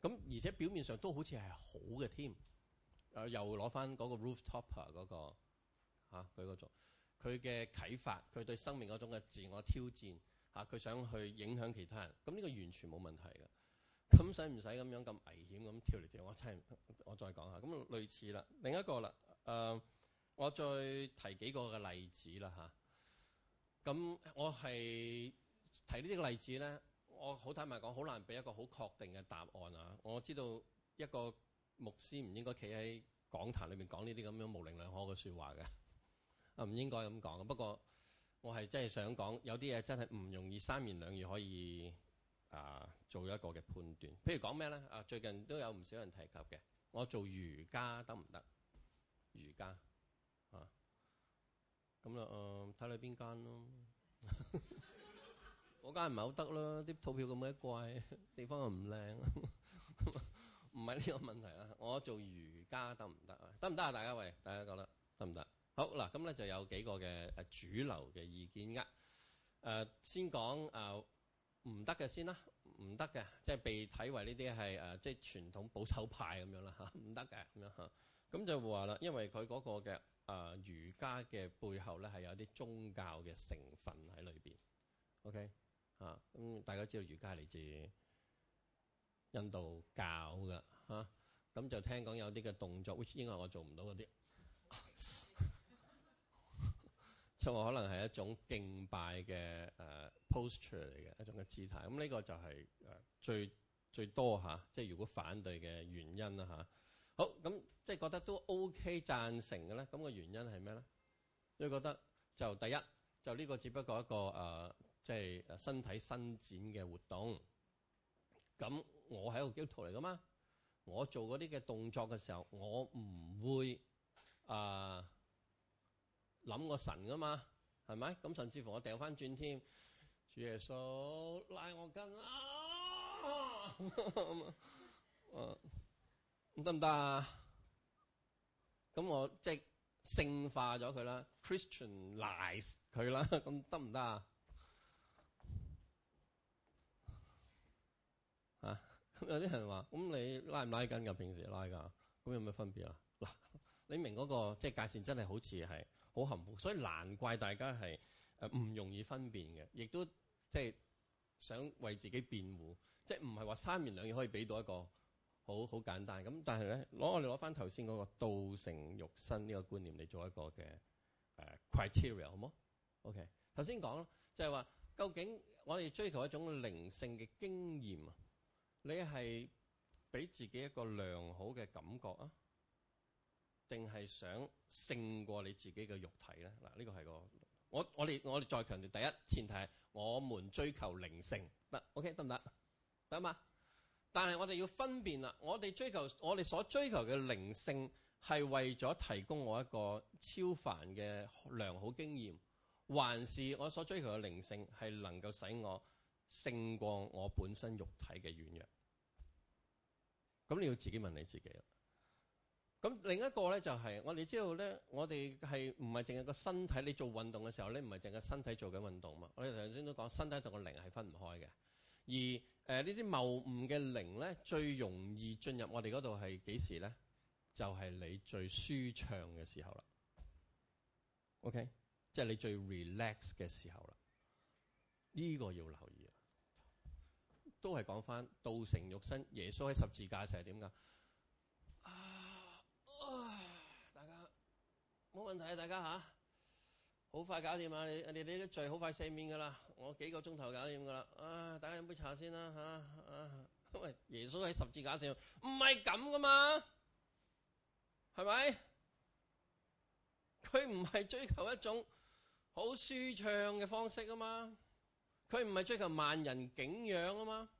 咁而且表面上都好似係好嘅添。誒、呃，又攞翻嗰個 Roof Topper 嗰、嗰個佢嘅、啊、啟發，佢對生命嗰種嘅自我挑戰嚇，佢、啊、想去影響其他人。咁呢個完全冇問題嘅。咁使唔使咁樣咁危險咁跳嚟跳？我真係我再講下，咁類似啦，另一個啦，誒，我再提幾個嘅例子啦嚇。咁我係提呢啲例子咧，我好坦白講，好難俾一個好確定嘅答案啊。我知道一個牧師唔應該企喺講壇裏面講呢啲咁樣模棱兩可嘅說話嘅，啊唔應該咁講嘅。不過我係真係想講，有啲嘢真係唔容易三言兩語可以。啊，做一個嘅判斷，譬如講咩咧？啊，最近都有唔少人提及嘅。我做瑜伽得唔得？瑜伽啊，咁啦，嗯、呃，睇你邊間咯。嗰間唔係好得咯，啲套票咁鬼貴，地方又唔靚，唔係呢個問題啦。我做瑜伽得唔得？得唔得啊？大家喂，大家覺得得唔得？好嗱，咁咧就有幾個嘅誒主流嘅意見啦。誒、啊，先講啊。唔得嘅先啦，唔得嘅，即係被睇為呢啲係誒，即係傳統保守派咁樣啦嚇，唔得嘅咁樣嚇，咁就話啦，因為佢嗰個嘅誒、呃、瑜伽嘅背後咧係有啲宗教嘅成分喺裏邊，OK 嚇、啊，咁大家知道瑜伽係嚟自印度教嘅嚇，咁、啊、就聽講有啲嘅動作，which 因為我做唔到嗰啲。 我可能係一種敬拜嘅誒 posture 嚟嘅一種嘅姿態，咁呢個就係誒最最多嚇，即係如果反對嘅原因啦嚇。好咁，那即係覺得都 OK 贊成嘅咧，咁、那、嘅、個、原因係咩咧？因為覺得就第一就呢個只不過一個誒，即、呃、係、就是、身體伸展嘅活動。咁我係一個基督徒嚟噶嘛，我做嗰啲嘅動作嘅時候，我唔會誒。呃諗個神噶嘛，係咪咁？甚至乎我掉翻轉添，主耶穌拉我筋啊！咁得唔得啊？咁我即係聖化咗佢啦，Christianize 佢啦，咁得唔得啊？啊！咁、啊啊啊啊啊啊啊啊啊、有啲人話，咁你拉唔拉筋㗎？平時拉㗎？咁有咩分別啊？嗱，你明嗰、嗰個即係、即係、界線真，真係好似係。好含糊，所以難怪大家係誒唔容易分辨嘅，亦都即係、就是、想為自己辯護，即係唔係話三言兩語可以俾到一個好好簡單咁。但係咧，攞我哋攞翻頭先嗰個道成肉身呢個觀念嚟做一個嘅誒 criteria，好唔好？OK，頭先講咯，就係、是、話究竟我哋追求一種靈性嘅經驗啊，你係俾自己一個良好嘅感覺啊？定係想勝過你自己嘅肉體呢？嗱，呢個係個我我哋我哋再強調第一前提係我們追求靈性，得 OK 得唔得？得嘛？但係我哋要分辨啦，我哋追求我哋所追求嘅靈性係為咗提供我一個超凡嘅良好經驗，還是我所追求嘅靈性係能夠使我勝過我本身肉體嘅軟弱？咁你要自己問你自己。咁另一個咧就係我哋知道咧，我哋係唔係淨係個身體？你做運動嘅時候咧，唔係淨係身體做緊運動嘛？我哋頭先都講身體同個靈係分唔開嘅。而呢啲謬誤嘅靈咧，最容易進入我哋嗰度係幾時咧？就係你最舒暢嘅時候啦。OK，即係你最 relax 嘅時候啦。呢個要留意啦。都係講翻道成肉身，耶穌喺十字架時係點㗎？冇問題啊，大家嚇，好、啊、快搞掂啊！你你你啲罪好快赦免噶啦，我幾個鐘頭搞掂噶啦。啊，大家飲杯茶先啦嚇啊！因、啊啊、耶穌喺十字架上唔係咁噶嘛，係咪？佢唔係追求一種好舒暢嘅方式啊嘛，佢唔係追求萬人景仰啊嘛，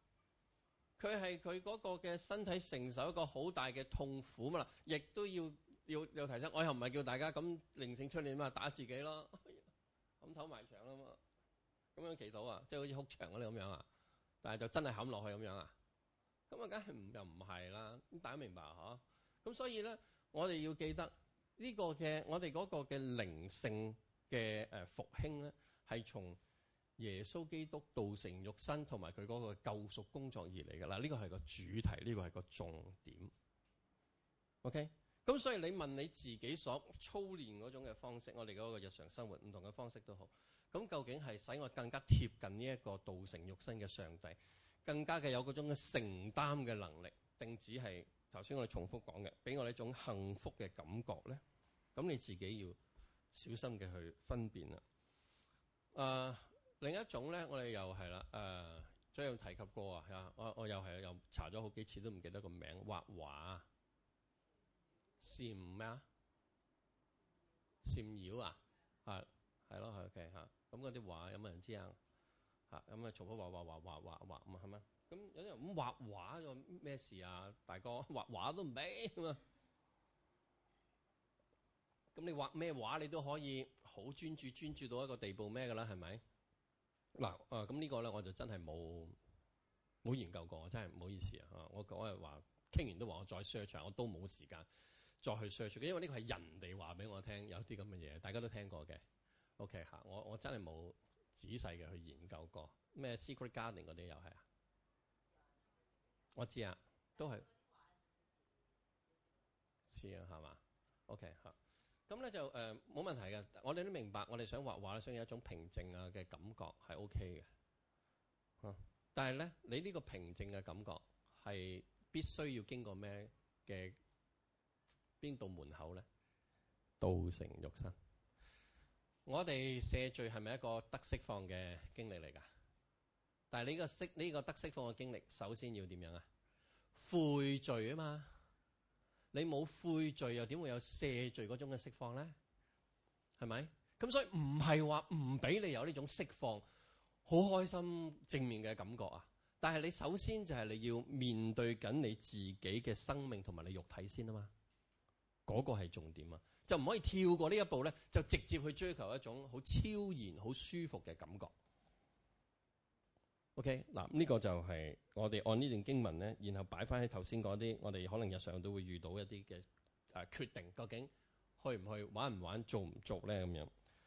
佢係佢嗰個嘅身體承受一個好大嘅痛苦啊嘛，亦都要。要有提醒，我又唔係叫大家咁靈性出嚟嘛，打自己咯，咁守埋牆啦嘛，咁樣祈禱啊，即係好似哭牆嗰啲咁樣啊，但係就真係冚落去咁樣啊，咁啊梗係唔又唔係啦，咁大家明白嗬？咁所以咧，我哋要記得呢個嘅我哋嗰個嘅靈性嘅誒復興咧，係從耶穌基督道成肉身同埋佢嗰個救贖工作而嚟嘅啦，呢個係個主題，呢個係個重點。OK。咁所以你問你自己所操練嗰種嘅方式，我哋嗰個日常生活唔同嘅方式都好。咁究竟係使我更加貼近呢一個道成肉身嘅上帝，更加嘅有嗰種嘅承擔嘅能力，定只係頭先我哋重複講嘅，俾我哋一種幸福嘅感覺咧？咁你自己要小心嘅去分辨啦。呃，另一種咧，我哋又係啦，將、呃、最近提及過啊，我我又係又查咗好幾次都唔記得個名，畫畫。扇咩啊？扇妖啊？係係咯，OK 嚇、啊。咁嗰啲畫有冇人知啊？嚇咁啊，從來畫畫畫畫畫畫咁係咪？咁有人咁、嗯、畫畫做咩事啊？大哥畫畫都唔俾咁你畫咩畫你都可以好專注，專注到一個地步咩㗎啦？係咪嗱？誒咁呢個咧我就真係冇冇研究過，真係唔好意思啊！我嗰日話傾完都話我再 s e a 我都冇時間。再去 search 嘅，因為呢個係人哋話俾我聽，有啲咁嘅嘢，大家都聽過嘅。OK 嚇，我我真係冇仔細嘅去研究過咩 secret gardening 嗰啲又係啊？我知啊，都係知啊，係嘛？OK 嚇，咁咧就誒冇問題嘅。我哋都明白，我哋想畫畫咧，想有一種平靜啊嘅感覺係 OK 嘅。嗯，但係咧，你呢個平靜嘅感覺係必須要經過咩嘅？邊度門口咧？道成肉身。我哋赦罪係咪一個得釋放嘅經歷嚟噶？但係你、這個釋呢、這個得釋放嘅經歷，首先要點樣啊？悔罪啊嘛，你冇悔罪又點會有赦罪嗰種嘅釋放咧？係咪咁？所以唔係話唔俾你有呢種釋放，好開心正面嘅感覺啊！但係你首先就係你要面對緊你自己嘅生命同埋你肉體先啊嘛。嗰個係重點啊，就唔可以跳過呢一步呢，就直接去追求一種好超然、好舒服嘅感覺。OK，嗱呢個就係、是、我哋按呢段經文呢，然後擺翻喺頭先嗰啲，我哋可能日常都會遇到一啲嘅誒決定，究竟去唔去玩唔玩，做唔做呢？咁樣。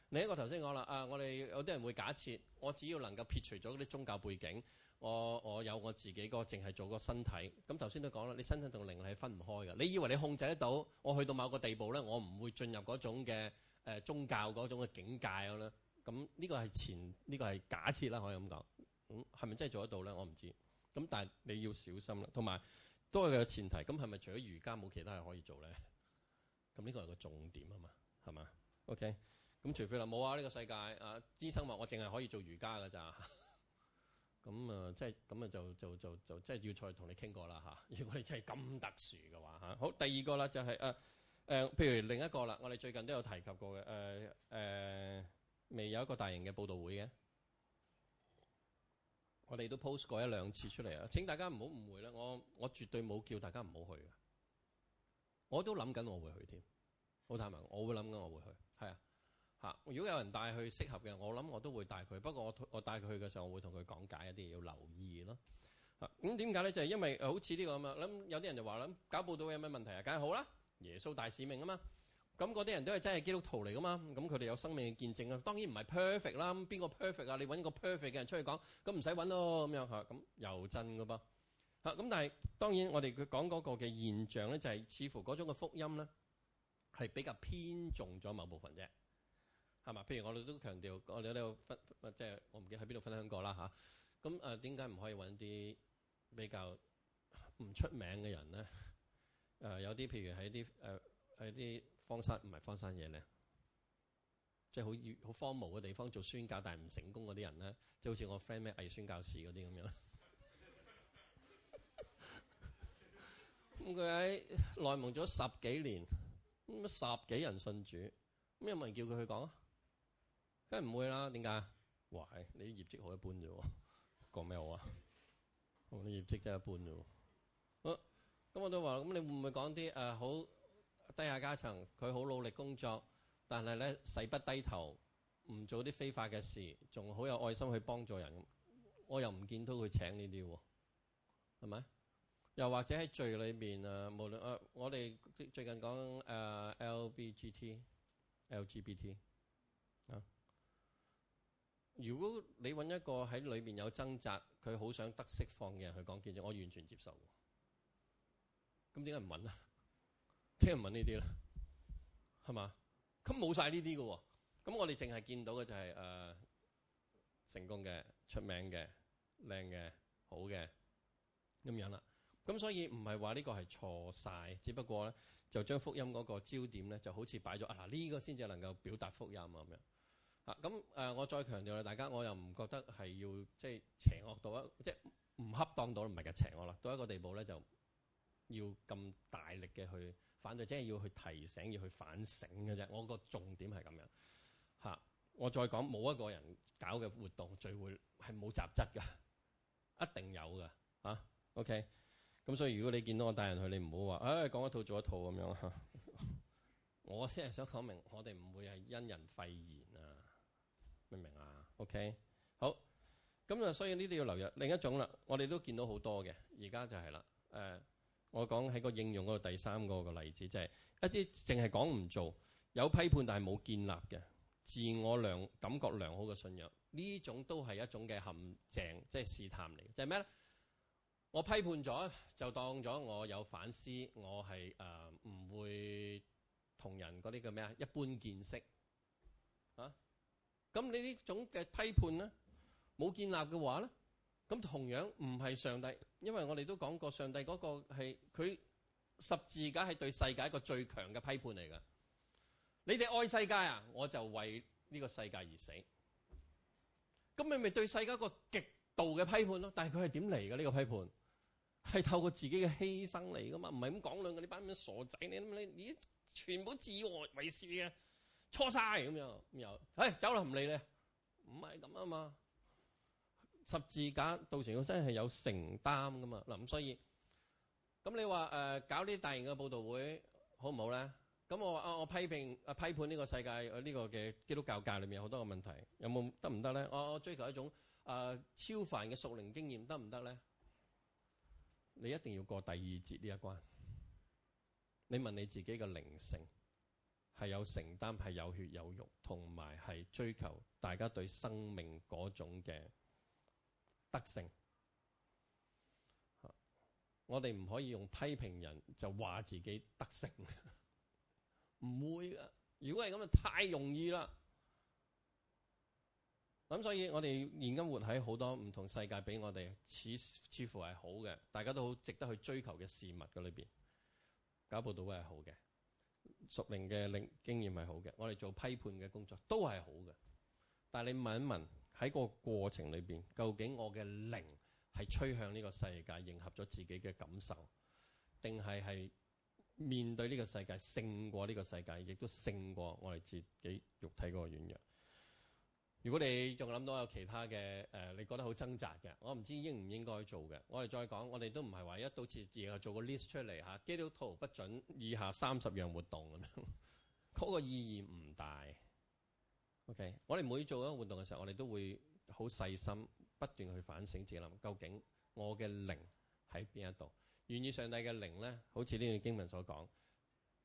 另一個頭先講啦，啊，我哋有啲人會假設，我只要能夠撇除咗啲宗教背景。我我有我自己個，淨係做個身體。咁頭先都講啦，你身體同靈力係分唔開嘅。你以為你控制得到，我去到某個地步咧，我唔會進入嗰種嘅誒、呃、宗教嗰種嘅境界，咁咁呢個係前呢、呢個係假設啦，可以咁講。咁係咪真係做得到咧？我唔知道。咁但係你要小心啦，同埋都係有，有個前提。咁係咪除咗瑜伽冇其他嘢可以做咧？咁呢個係個重點啊嘛，係嘛？OK。咁除非話冇啊，呢、呢個世界啊，醫生話我淨係可以做瑜伽㗎咋。 咁啊，即係咁啊，就就就就即係要再同你傾過啦嚇，如果你真係咁特殊嘅話嚇，好，第二個啦、就係，就、呃、係、呃、譬如另一個啦，我哋最近都有提及過嘅、呃呃、未有一個大型嘅報道會嘅，我哋都 post 過一兩次出嚟啊。請大家唔好誤會啦，我我絕對冇叫大家唔好去嘅，我都諗緊我會去添。好坦白，我會諗緊我會去，係啊。嚇！如果有人帶去適合嘅，我諗我都會帶佢。不過我我帶佢去嘅時候，我會同佢講解一啲要留意咯。嚇！咁點解咧？就係、是、因為好似呢、這個咁啊，諗有啲人就話諗搞報道有咩問題啊？梗係好啦，耶穌大使命啊嘛。咁嗰啲人都係真係基督徒嚟噶嘛。咁佢哋有生命嘅見證啊。當然唔係 perfect 啦，邊個 perfect 啊？你揾個 perfect 嘅人出去講，咁唔使揾咯咁樣嚇。咁又真噶噃。嚇！咁但係當然我哋佢講嗰個嘅現象咧，就係、是、似乎嗰種嘅福音咧，係比較偏重咗某部分啫。係嘛？譬如我哋都強調，我哋喺度分，即係我唔記得喺邊度分享過啦，嚇，咁點解唔可以揾啲比較唔出名嘅人咧？誒有啲譬如喺啲喺啲荒山，唔係荒山野呢，即係好遠、好荒蕪嘅地方做宣教，但係唔成功嗰啲人咧，即係好似我 friend 咩偽宣教士嗰啲咁樣。咁佢喺內蒙做咗十幾年，咁十幾人信主，咁有冇人叫佢去講啊？梗唔會啦，點解？哇，你啲業績好一般啫喎，講咩好啊？我啲業績真係一般啫喎。咁我都話，咁你會唔會講啲好低下階層？佢好努力工作，但係咧使不低頭，唔做啲非法嘅事，仲好有愛心去幫助人。我又唔見到佢請呢啲喎，係咪？又或者喺罪裏面，無論我哋最近講誒 LBGT、LGBT。如果你揾一個喺裏面有掙扎，佢好想得釋放嘅人去講見證，我完全接受。咁點解唔揾啊？聽唔揾呢啲啦，係嘛？咁冇晒呢啲嘅喎。咁我哋淨係見到嘅就係誒成功嘅、出名嘅、靚嘅、好嘅咁樣啦。咁所以唔係話呢個係錯晒，只不過咧就將福音嗰個焦點咧就好似擺咗啊嗱，呢個先至能夠表達福音啊咁樣。啊咁誒，我再強調啦，大家我又唔覺得係要即係邪惡到一，即係唔恰當到唔係嘅邪惡啦。到一個地步咧，就要咁大力嘅去反對，即係要去提醒、要去反省嘅啫。我個重點係咁樣嚇、啊。我再講，冇一個人搞嘅活動聚會係冇雜質㗎，一定有㗎嚇、啊。OK，咁所以如果你見到我帶人去，你唔好話誒講一套做一套咁樣嚇。啊、 我先係想講明，我哋唔會係因人廢言。明唔明啊？OK，好，咁啊，所以呢啲要留意。另一種啦，我哋都見到好多嘅，而家就係、是、啦。誒、呃，我講喺個應用嗰度第三個個例子、就是，就係一啲淨係講唔做，有批判但係冇建立嘅自我良感覺良好嘅信仰，呢種都係一種嘅陷阱，即、就、係、是、試探嚟。就係咩咧？我批判咗就當咗我有反思，我係誒唔會同人嗰啲叫咩啊？一般見識啊？咁你呢種嘅批判咧，冇建立嘅話咧，咁同樣唔係上帝，因為我哋都講過上帝嗰個係佢十字架係對世界一個最強嘅批判嚟㗎。你哋愛世界啊，我就為呢個世界而死。咁你咪對世界一個極度嘅批判咯。但係佢係點嚟嘅呢個批判？係透過自己嘅犧牲嚟噶嘛？唔係咁講兩個呢班傻仔，你你你全部自我為是啊！錯晒，咁樣，又，唉，走啦，唔理你，唔係咁啊嘛。十字架道成肉身係有承擔噶嘛，嗱咁所以，咁你話誒、呃、搞啲大型嘅佈道會好唔好咧？咁我話啊，我批評、啊、批判呢個世界，呢、啊呢個嘅基督教界裏面有好多嘅問題，有冇得唔得咧？我、啊、我追求一種誒、啊、超凡嘅屬靈經驗得唔得咧？你一定要過第二節呢一關，你問你自己嘅靈性。係有承擔，係有血有肉，同埋係追求大家對生命嗰種嘅德性。我哋唔可以用批評人就話自己德性，唔會噶。如果係咁就太容易啦。咁所以我哋現今活喺好多唔同世界，俾我哋似似乎係好嘅，大家都好值得去追求嘅事物嗰裏邊，搞報道係好嘅。屬靈嘅靈經驗係好嘅，我哋做批判嘅工作都係好嘅。但係你問一問，喺個過程裏邊，究竟我嘅靈係趨向呢個世界，迎合咗自己嘅感受，定係係面對呢個世界勝過呢個世界，亦都勝過我哋自己肉體個軟弱。如果你仲諗到有其他嘅誒、呃，你覺得好掙扎嘅，我唔知道應唔應該做嘅，我哋再講。我哋都唔係話一到次嘢做個 list 出嚟嚇、啊，基督徒不准以下三十樣活動咁樣，嗰、那個意義唔大。OK，我哋每做一個活動嘅時候，我哋都會好細心不斷去反省自己，諗究竟我嘅靈喺邊一度？願意上帝嘅靈咧，好似呢段經文所講，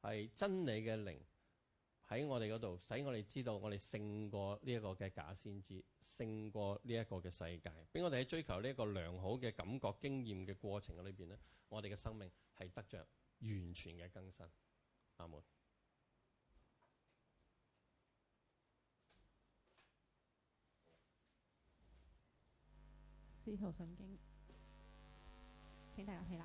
係真理嘅靈。喺我哋嗰度，使我哋知道我哋勝過呢一個嘅假先知，勝過呢一個嘅世界，俾我哋喺追求呢一個良好嘅感覺、經驗嘅過程嘅裏邊咧，我哋嘅生命係得着完全嘅更新。阿門。使徒信經，請大家起立。